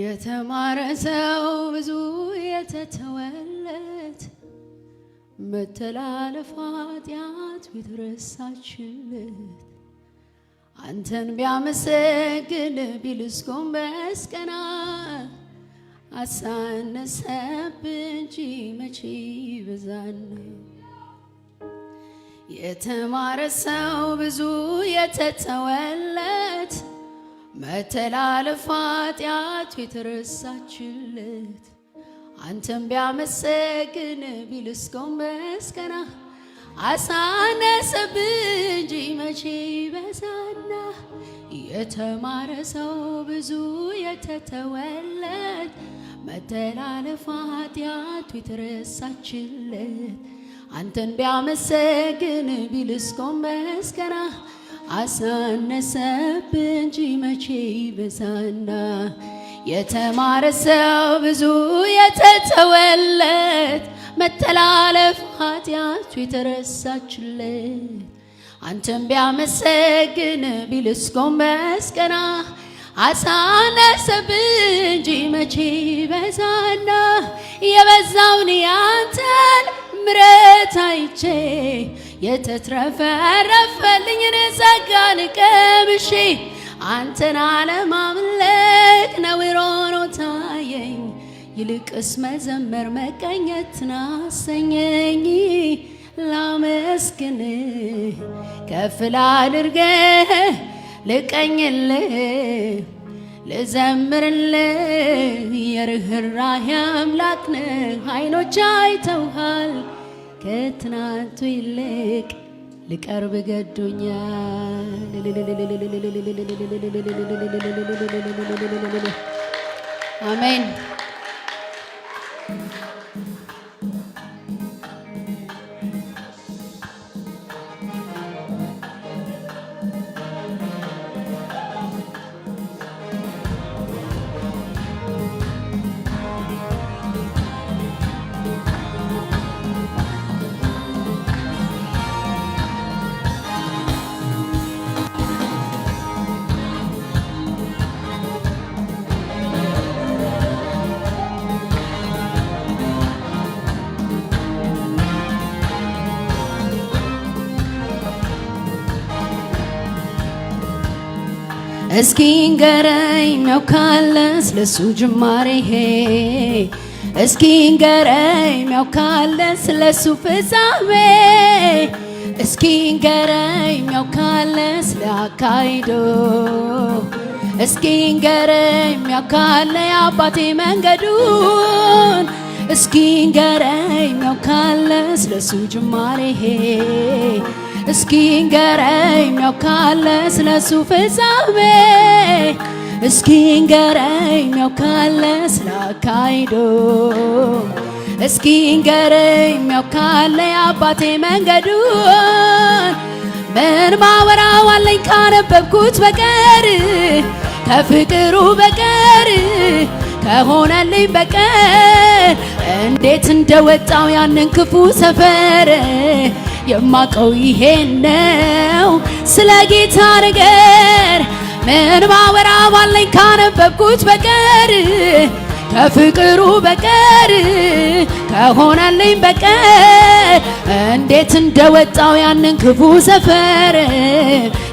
የተማረ ሰው ብዙ የተተወለት መተላለፍ ኃጢአት ቢትረሳችለት አንተን ቢያመሰግን ቢልስ ጎንበስ ቀና አሳነሰብ እንጂ መቼ ይበዛል። የተማረ ሰው ብዙ የተተወለት መተላለፍ ኃጢአቱ የተረሳችለት አንተም ቢያመሰግን ቢልስከውን በስከና አሳነሰብህ እንጂ መቼ በዛና የተማረ ሰው ብዙ የተተወለት መተላለፍ ኃጢአቱ የተረሳችለት አንተን ቢያመሰግን ቢልስከውን በስከና አሳነሰብ እንጂ መቼ በዛና የተማረ ሰው ብዙ የተተወለት መተላለፍ ኃጢአቱ የተረሳችለት አንተም ቢያመሰግን ጎንበስ ቀና አሳነሰብ እንጂ መቼ በዛና የበዛውን ያንተን ምረት አይቼ የተትረፈረፈልኝ ጸጋን ቀምሼ አንተን አለማምለክ ነውር ሆኖ ታየኝ። ይልቅስ መዘመር መቀኘት ናሰኘኝ። ላመስግን ከፍ ላድርግ ልቀኝል ልዘምርል የርኅራኄ አምላክ ነህ አይኖች አይተውሃል ከትናንቱ ይልቅ ልቀርብ ገዶኛል። አሜን እስኪ ንገረኝ ነው ካለ ስለሱ ጅማሬ እስኪ ንገረኝ ነው ካለ ስለሱ ፍጻሜ እስኪ ንገረኝ ነው ካለ ስለ አካሂዶ እስኪ ንገረኝ ነው ካለ የአባቴ መንገዱን እስኪ ንገረኝ ነው ካለ ስለሱ ጅማሬ እስኪ ንገረኝ ያውቃለ ስለሱ ፍጻሜ እስኪ ንገረኝ ያውቃለ ስላካሂዶ እስኪ ንገረኝ ያውቃለ የአባቴ መንገዱን ምን ማወራው ዋለኝ ካነበብኩት በቀር ከፍቅሩ በቀር ከሆነልኝ በቀር እንዴት እንደወጣው ያንን ክፉ ሰፈር የማቀው ይሄ ነው ስለ ጌታ ነገር ምን ማወራ ባለኝ ካነበብኩት በቀር ከፍቅሩ በቀር ከሆነልኝ በቀር እንዴት እንደወጣው ያንን ክፉ ሰፈር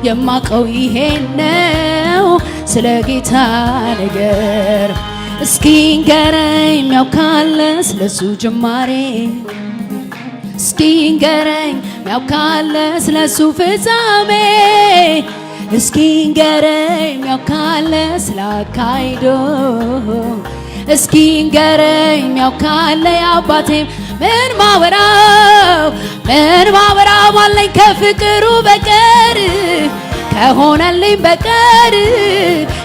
የማቀው ይሄ ነው ስለ ጌታ ነገር እስኪ ንገረኝ የሚያውቃለ ስለሱ ጅማሬ እስኪ ንገረኝ ሚያውቃለ ስለሱ ፍጻሜ እስኪ ንገረኝ ሚያውቃለ ስላካሂዶ እስኪ ንገረኝ ሚያውቃለ አባቴ ምን ማወራው ምን ማወራው አለኝ ከፍቅሩ በቀር ከሆነልኝ በቀር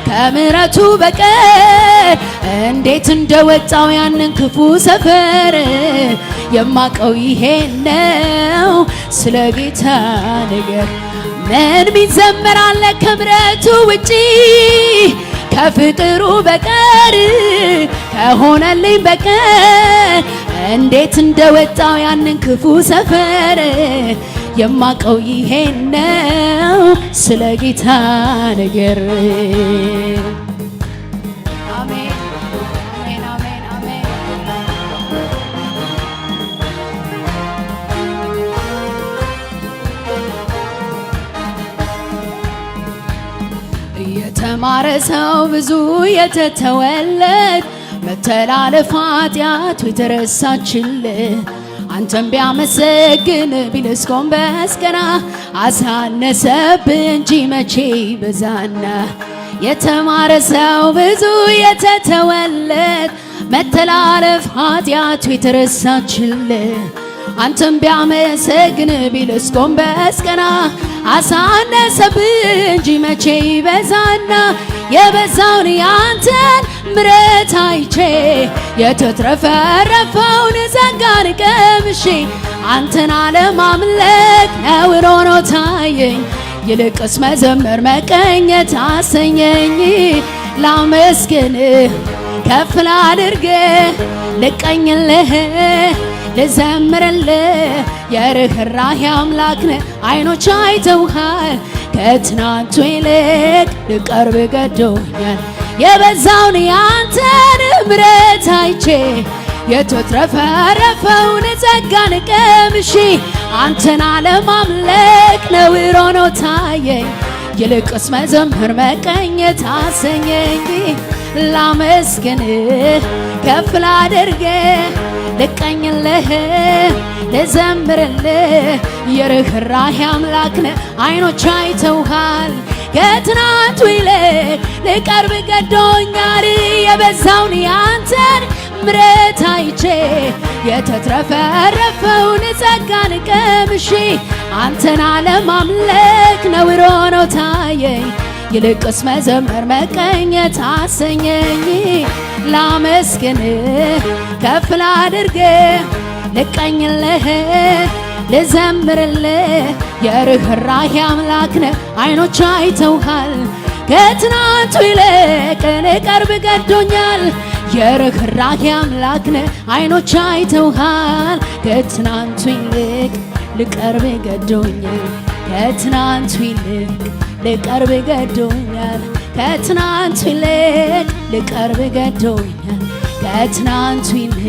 ከምረቱ በቀር እንዴት እንደወጣው ያንን ክፉ ሰፈር የማቀው ይሄ ነው። ስለ ጌታ ነገር ምን ሚዘመራለ ከምረቱ ውጪ ከፍቅሩ በቀር ከሆነልኝ በቀር እንዴት እንደወጣው ያንን ክፉ ሰፈር የማቀው ይሄን ነው ስለ ጌታ ነገር የተማረ ሰው ብዙ የተተወለት መተላለፍ ኃጢአቱ የተረሳችለት አንተም ቢያመሰግን ቢልስ ጎንበስ ቀና አሳነሰብህ እንጂ መቼ በዛና የተማረ ሰው ብዙ የተተወለት መተላለፍ ኃጢአቱ የተረሳችለት አንተም ቢያመሰግን ቢልስ ጎንበስ ቀና አሳነሰብ እንጂ መቼ ይበዛና የበዛውን ያንተን ምረት አይቼ የተትረፈረፈውን ጸጋን ቀምሼ አንተን አለማምለክ ነውር ሆኖ ታየኝ። ይልቅስ መዘመር መቀኘት አሰኘኝ። ላመስግን ከፍ ላድርግህ ልቀኝልህ ልዘምርል የርህራህ አምላክነ አይኖች አይተውሃል ከትናንቱ ይልቅ ልቀርብ ገዶኛል የበዛውን ያንተን ምረት አይቼ የተትረፈረፈውን ጸጋን ቀምሼ አንተን አለማምለክ ነውሮ ሆኖ ታየኝ። ይልቅስ መዘምር መቀኘት አሰኘኝ። ላመስግንህ ከፍ ላድርግህ ልቀኝልህ ልዘምርልህ የርኅራኄ አምላክ አይኖች አይተውሃል ከትናንቱ ይልቅ ልቀርብ ገዶኛል የበዛውን ያንተን ምረት አይቼ የተትረፈረፈውን ጸጋን ቀምሼ አንተን አለማምለክ ነውር ሆኖ ታየኝ። ይልቅስ መዘመር መቀኘት አሰኘኝ ላመስግንህ ከፍ ላድርግ ልቀኝልህ ልዘምርልህ የርኅራኄ አምላክ ነህ አይኖች አይተውሃል ከትናንቱ ይልቅ ልቀርብ ገዶኛል የርኅራኄ አምላክ ነህ አይኖች አይተውሃል ከትናንቱ ይልቅ ልቀርብ ገዶኛል ከትናንቱ ይልቅ ልቀርብ ገዶኛል ከትናንቱ ይልቅ ልቀርብ ገዶኛል ከትናንቱ ይልቅ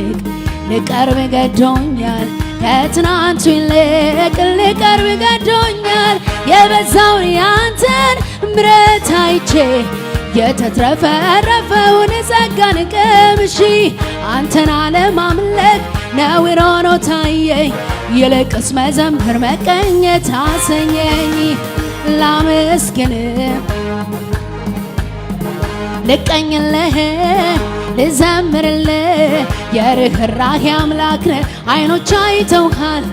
ልቀርብ ገዶኛል ከትናንቱ ይልቅ ልቀርብ ገዶኛል የበዛውን ያንተን ምሕረት አይቼ የተትረፈረፈውን ጸጋን ቀምሼ አንተን አለማምለክ ነውር ሆኖ ታየኝ። ይልቅስ መዘምር መቀኘት አሰኘኝ። ላመስግን ልቀኝልህ ልዘምርል የርኅራኄ አምላክ ነህ አይኖች አይተውሃል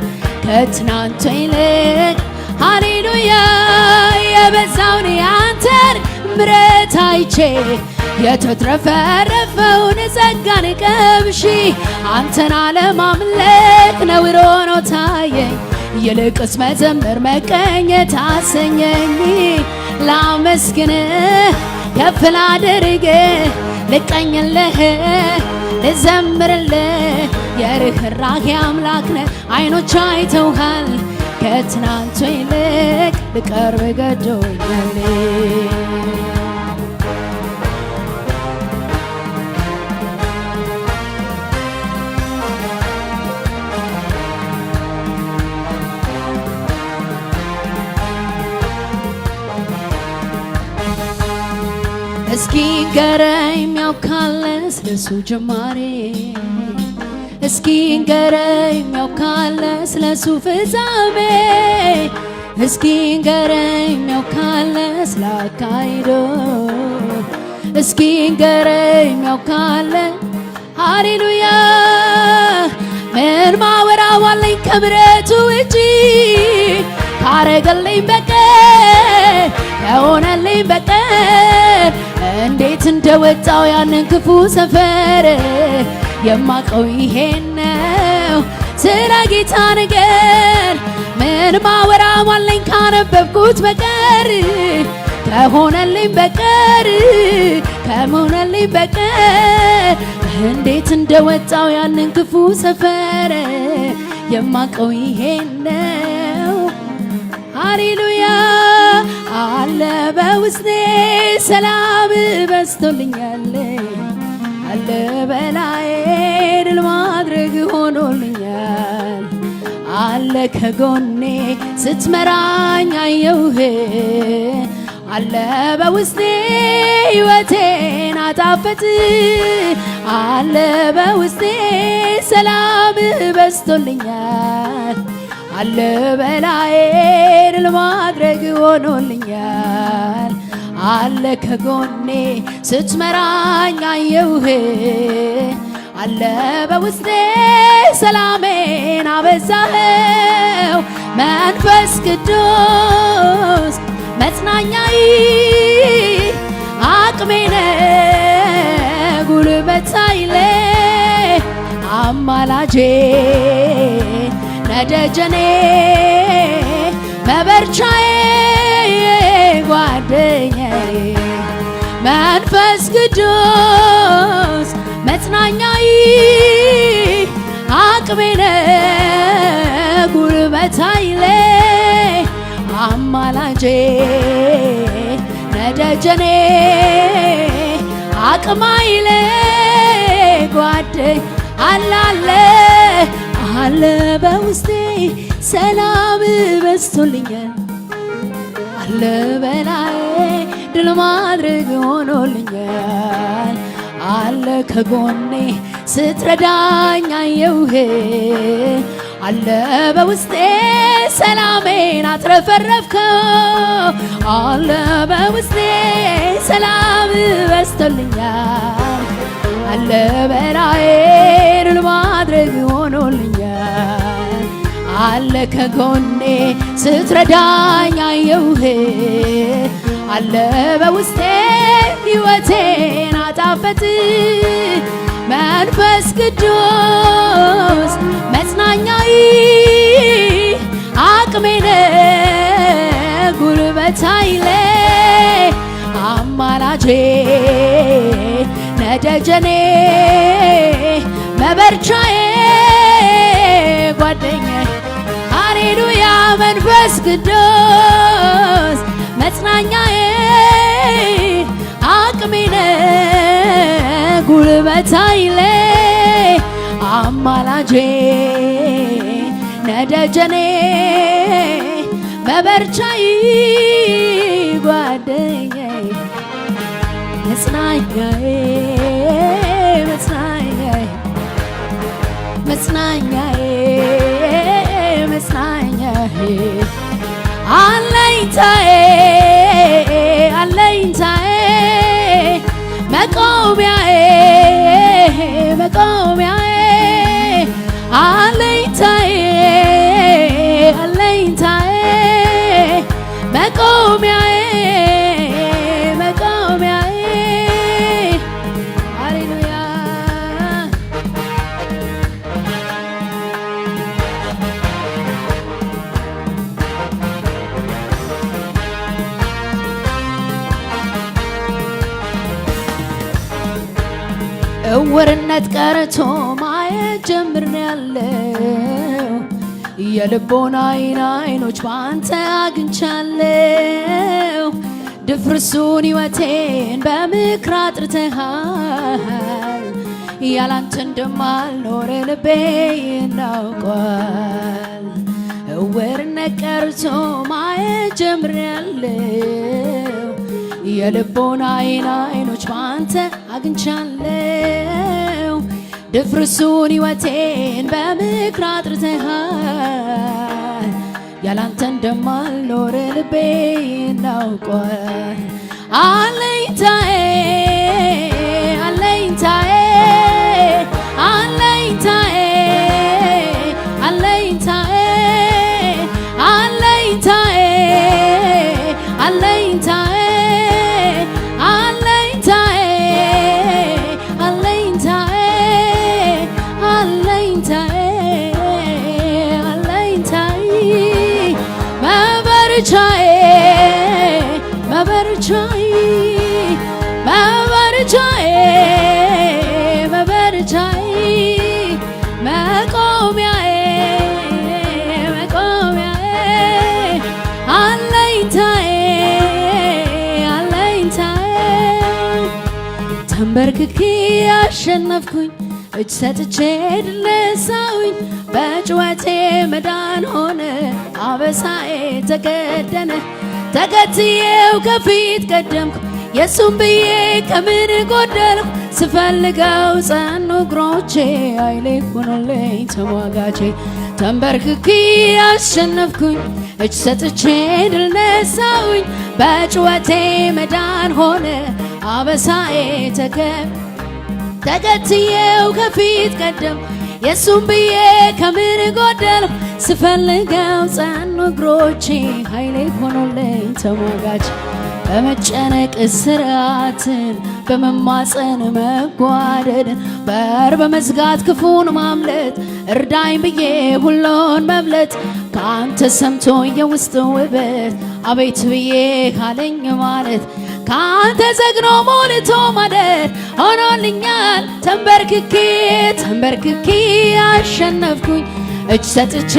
ከትናንቱ ይልቅ ሃሌሉያ የበዛውን ያንተን ምረት አይቼ የተትረፈረፈውን ጸጋን ቀምሺ አንተን አለማምለክ ነውር ሆኖ ታየኝ ይልቅስ መዘምር መቀኘት አሰኘኝ ላመስግንህ ከፍ ላድርግህ ልቃኝልህ ልዘምርልህ የርኅራኄ አምላክ ነህ። አይኖች አይተውሃል ከትናንቱ ይልቅ ልቀርብ ገዶኛል እስኪ ንገረኝ የሚያውቃለ ስለሱ ጅማሬ እስኪ ንገረኝ የሚያውቃለ ስለሱ ፍጻሜ እስኪ ንገረኝ የሚያውቃለ ስለ አካሂዶ እስኪ ንገረኝ የሚያውቃለ ሃሌሉያ ምን ማወራዋለኝ ከምረቱ እጅ ካረገልኝ በቀር ከሆነልኝ በቀር እንዴት እንደወጣው ያንን ክፉ ሰፈር የማቀው ይሄን ነው። ስለ ጌታ ነገር ምን ማወራ ማለኝ ካነበብኩት በቀር ከሆነልኝ በቀር ከሆነልኝ በቀር እንዴት እንደወጣው ያንን ክፉ ሰፈር የማቀው ይሄን ነው። ሃሌሉያ አለ በውስጤ ሰላም በዝቶልኛል አለ በላዬ ድል ማድረግ ሆኖልኛል አለ ከጎኔ ስትመራኝ አየውህ አለ በውስጤ ሕይወቴን አጣፈጥ አለ በውስጤ ሰላም በዝቶልኛል አለ በላዬ ድል ማድረግ ሆኖልኛል አለ ከጎኔ ስትመራኝ አየውህ አለ በውስጤ ሰላሜን አበዛኸው መንፈስ ቅዱስ መጽናኛይ አቅሜነ ጉልበት ኃይሌ አማላጄ ነደጀኔ መበርቻዬ ጓደኛዬ መንፈስ ቅዱስ መጽናኛዬ አቅሜነ ጉልበታይሌ አማላጄ ነደጀኔ አቅማይሌ ጓደኝ አላለ አለ በውስጤ ሰላም በዝቶልኛል አለ በላዬ ድል ማድረግ ሆኖልኛል አለ ከጎኔ ስትረዳኝ አየውህ አለ በውስጤ ሰላሜን አትረፈረፍከው አለ በውስጤ ሰላም በዝቶልኛል አለ በላዬ ድል ማድረግ አለ ከጎኔ ስትረዳኝ አየውህ አለ በውስጤ ሕይወቴን አጣፈት መንፈስ ቅዱስ መጽናኛይ አቅሜነ ጉልበታይለ አማራጄ ነደጀኔ መበርቻዬ ቅዱስ መጽናኛዬ አቅሜነ ጉልበት ኃይሌ አማላጄ ነደጀኔ መበርቻይ ጓደኛዬ መጽናኛዬ መጽናኛዬ መጽናኛዬ መጽናኛዬ ልቦናዬን አይኖች በአንተ አግኝቻለሁ። ድፍርሱን ሕይወቴን በምክር አጥርተሃል። ያላንተ እንደማልኖር ልቤ ይናውቋል። እውርነት ቀርቶ ማየት ጀምሬያለሁ። የልቦናዬን አይኖች በአንተ አግኝቻለሁ። ድፍርሱን ሕይወቴን በምክር አጥርተሃል። ያላንተ እንደማልኖር ልቤ ይናውቋል አለኝታዬ ተንበርክኬ አሸነፍኩኝ! እጅ ሰጥቼ ድል ነሳሁኝ በጭዋቴ መዳን ሆነ አበሳዬ ተገደነ! ተከትዬው ከፊት ቀደምኩ የሱም ብዬ ከምን ጎደልኩ ስፈልገው ጸኑ እግሮቼ አይሌ ሆኖልኝ ተሟጋቼ ተንበርክኬ ያሸነፍኩኝ እጅ ሰጥቼ ድል ነሳሁኝ በጭዋቴ መዳን ሆነ አበሳዬ ተከም ተከትዬው ከፊት ቀደም የእሱም ብዬ ከምን ጎደልም ስፈልገው ጸኑ እግሮቼ ኃይሌ ሆኖልኝ ተሟጋች በመጨነቅ እስራትን በመማፀን መጓደድን በር በመዝጋት ክፉን ማምለጥ እርዳኝ ብዬ ሁሉን መብለጥ ከአንተ ሰምቶ የውስጥ ውበት አቤት ብዬ ካለኝ ማለት ከአንተ ዘግኖ ሞልቶ ማደር ሆኖልኛል። ተንበርክኬ ተንበርክኬ አሸነፍኩኝ፣ እጅ ሰጥቼ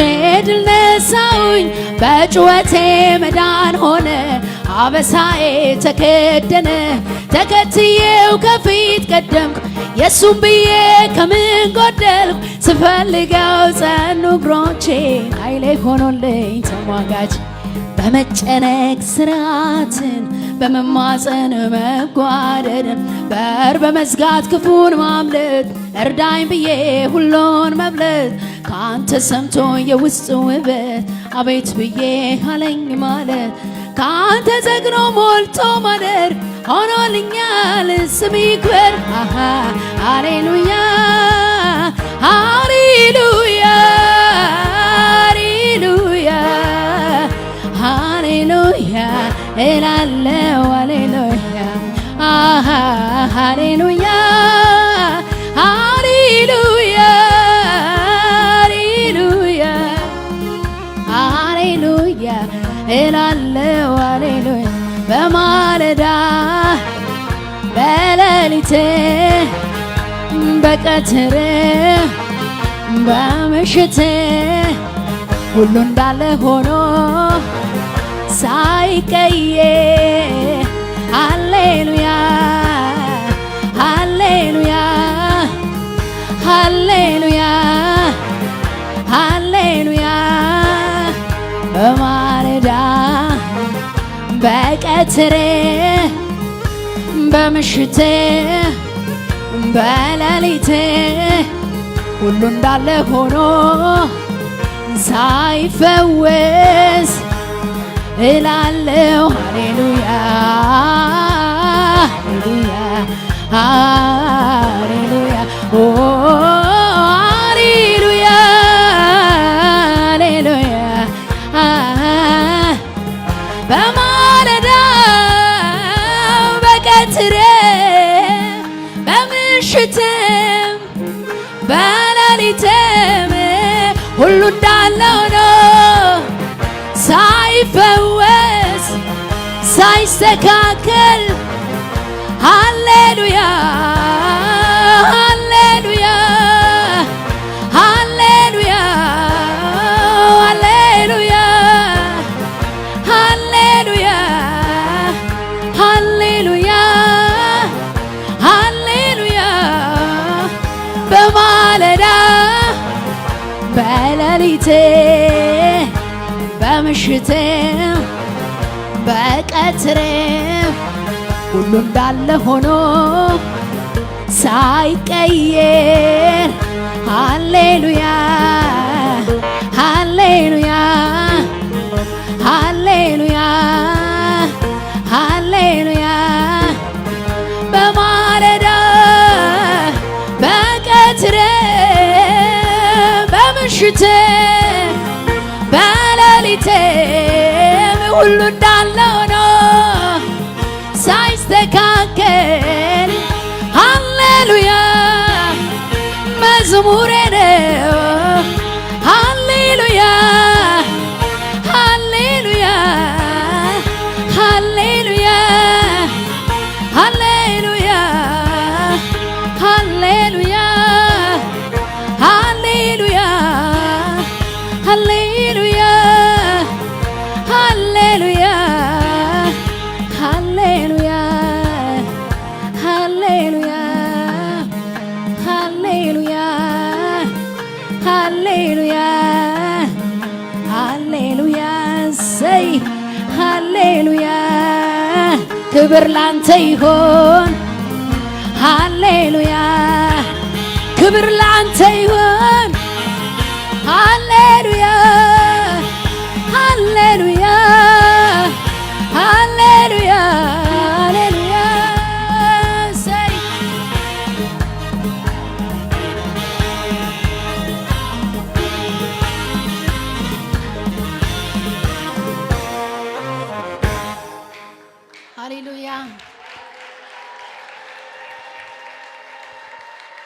ድል ነሳውኝ። በጩኸቴ መዳን ሆነ፣ አበሳዬ ተከደነ። ተከትዬው ከፊት ቀደምኩ፣ የእሱም ብዬ ከምን ጎደልኩ? ስፈልገው ጸኑ እግሮቼ፣ ኃይሌ ሆኖልኝ ተሟጋች በመጨነቅ ስርዓትን በመማፀን መጓደድ በር በመዝጋት ክፉን ማምለት እርዳኝ ብዬ ሁሉን መብለት ከአንተ ሰምቶ የውስጥ ውበት አቤት ብዬ አለኝ ማለት ከአንተ ዘግኖ ሞልቶ ማደር ሆኖልኛል ስም ይክበር ሃሌሉያ ሃሌሉያ እላለው ሃሌሉያ ሃሌሉያ ሃሌሉያ ሃሌሉያ እላለው ሃሌሉያ በማለዳ በሌሊት በቀትር በምሽት ሁሉ እንዳለ ሆኖ ሳይቀየር ሃሌሉያ ሃሌሉያ ሃሌሉያ ሃሌሉያ በማለዳ በቀትር በምሽት በሌሊት ሁሉ እንዳለ ሆኖ ሳይፈወስ እላለው ሃሌሉያ ሃሌሉያ ሃሌሉያ ኦ ሃሌሉያ ሃሌሉያ በማለዳ በምሽት እንዲስተካከል ሃሌሉያ ሃሌሉያ ሃሌሉያ ሃሌሉያ ሃሌሉያ ሃሌሉያ ሃሌሉያ በማለዳ በሌሊቴ በምሽቴ በቀትሬ ሁሉ እንዳለ ሆኖ ሳይቀየር ሃሌሉያ ሃሌሉያ mulut dalam ወይ ሃሌሉያ ክብር ላንተ ይሆን ሃሌሉያ ክብር ላንተ ይሆን